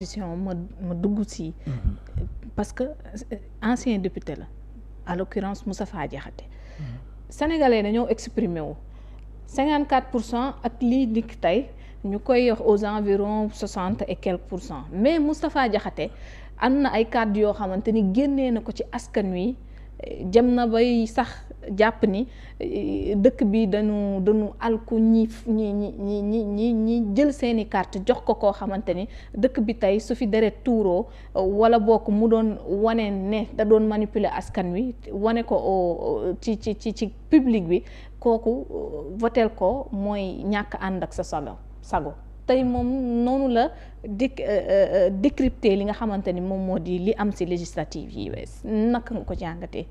ma ma dugg si mm-hmm. parce que euh, ancien député la à l'occurrence Moustapha Diakhaté mm-hmm. sénégalais dañoo exprimé wu cinquante quatre pour cent ak lii dikk tey ñu koy wax aux environs soixante et quelques pour cent mais Moustapha Diakhaté am na ay kàddu yoo xamante ni génnee na ko ci askan wi euh, jëm na bay sax jàpp ni eh, dëkk bi dañu dañu alku ñi ñi ñi ñii ñi ñi jël seeni kart jox ko koo xamante ni dëkk bi tey su fi deret tuuroo wala bokk mu doon wane ne da doon manipuler askan wi wane ko ci ci ci ci public bi kooku euh, votel ko mooy ñàkk ànd ak sa sago sago tey moom noonu la di euh, euh, décrypter li nga xamante ni moom moo di li am si législative yi wees naka nga ko jàngatee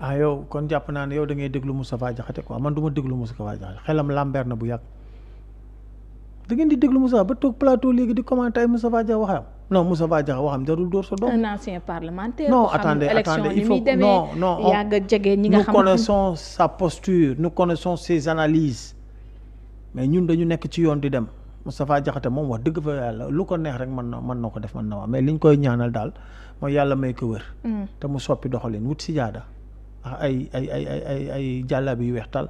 ah yow kon jàpp naa ne yow da ngay déglu Moustapha Diakhaté ko man du ma déglu Moustapha Diakhaté xelam làmbeer na bu yàgg da ngeen di déglu Moustapha ba toog plateau léegi di commenter ay Moustapha Diakhaté waxam non Moustapha Diakhaté waxam jarul dóor sa doom. un ancien parlementaire. non attendez attendez il faut non non nous connaissons sa posture nous connaissons ses analyses mais ñun dañu nekk ci yoon di dem Moustapha Diakhaté moom wax dëgg fa yàlla lu ko neex rek mën na mën na ko def mën na wax mais liñ koy ñaanal daal mooy yàlla may ko wér. Mm. te mu soppi doxalin wut si jaada. ay ay ay ay ay ay jàllabi yu weex tal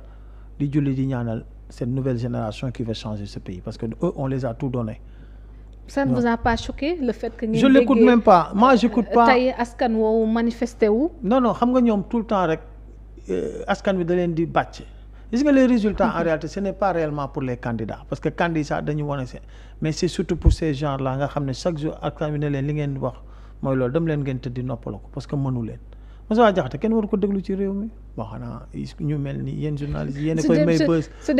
di julli di ñaanal cette nouvelle génération qui va changer ce pays parce que eux on les a tout donné. ça ne vous a pas choqué le fait que. je l'écoute même pas moi j'écoute pas askan woowu manifesté wu. non non xam nga ñoom tout le temps rek euh, askan wi da leen di bàcc. gis nga les résultats en réalité ce n'est pas réellement pour les candidats parce que candidats dañu wane se mais c'est surtout pour ces gens ne chaque jour askan wi li ngeen wax mooy loolu dem leen ngeen noppaloo ko parce que Moussa Diakhaté kenn waru ko déglu ci réew mi bon xanaa ñu mel ni yenn journaliste yenn koy may bës su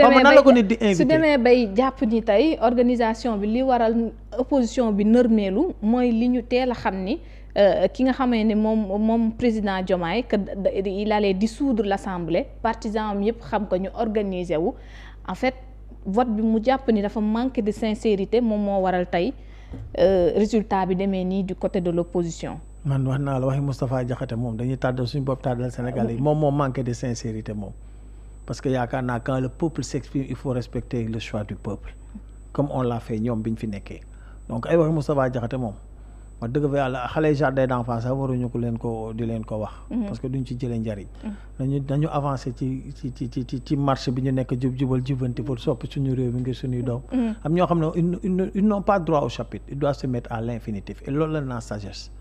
demee bay jàpp ni tey organisation bi li waral opposition bi nërmeelu mooy li ñu teel a xam ni euh, ki nga xamee ne moom président Diomaye que il di dissoudre l'assemblée partisan am yëpp xam ko ñu organiser wu en fait vote bi mu jàpp ni dafa manque de sincérité moom moo waral tey euh, résultat bi demee nii du côté de l'opposition man wax naa la waxi Moustapha Diakhaté moom dañuy tàddal suñu bopp tàddal Sénégal yi ah moom moo manqué de sincérité moom parce que yaakaar naa quand le peuple s'exprime il faut respecter le choix du peuple comme on l'a fait ñoom biñ fi nekkee donc ay waxi Moustapha Diakhaté moom wax dëgg fa yàlla xale jardin d'enfance sax waruñu ko leen ko di leen ko wax mm-hmm. parce que duñ ci jëlee njariñ mm-hmm. nañu avancé ci ci ci ci marché bi ñu nekk jub jubal jubanti pour soppi suñu réew mm-hmm. à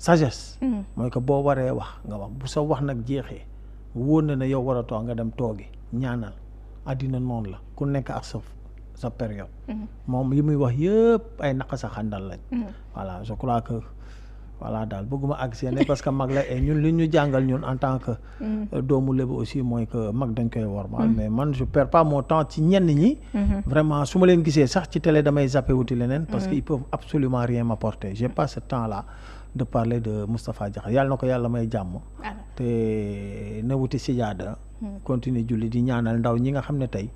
sagesse. Mm. mooy que boo waree wax nga wax bu sa wax nag jeexee wóor na ne yow war a toog nga dem toogi ñaanal àddina noonu la ku nekk ak sa sa période. Mm-hmm. moom yi muy wax yëpp ay naqa sa xandal lañ. Mm-hmm. voilà je crois que voilà daal bëgguma ak seen parce que mag la et ñun li ñu jàngal ñun en tant que. Mm-hmm. Euh, doomu Lebu aussi mooy que mag dañ koy wormaal. mais man je perds pas mon temps ci ñenn ñi. vraiment su ma leen gisee sax ci télé damay zappé wuti leneen. parce que ils peuvent absolument rien m'apporter j'ai pas de parler de Moustapha Diakhaté yàlla na ko yàlla may jàmm te na wuti si sijaada hmm. continuer julli di ñaanal ndaw ñi nga xam ne tey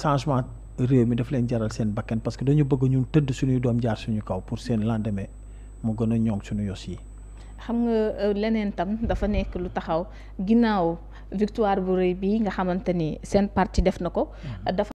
changement réew mi daf leen jaral seen bakkan parce que dañu bëgg ñun tëdd suñuy doom jaar suñu kaw pour seen lendemain mu gën a ñoŋ suñu yos yi xam nga euh, leneen tam dafa nekk lu taxaw ginnaaw victoire bu rëy bi nga xamante ni seen parti def na ko hmm. dafa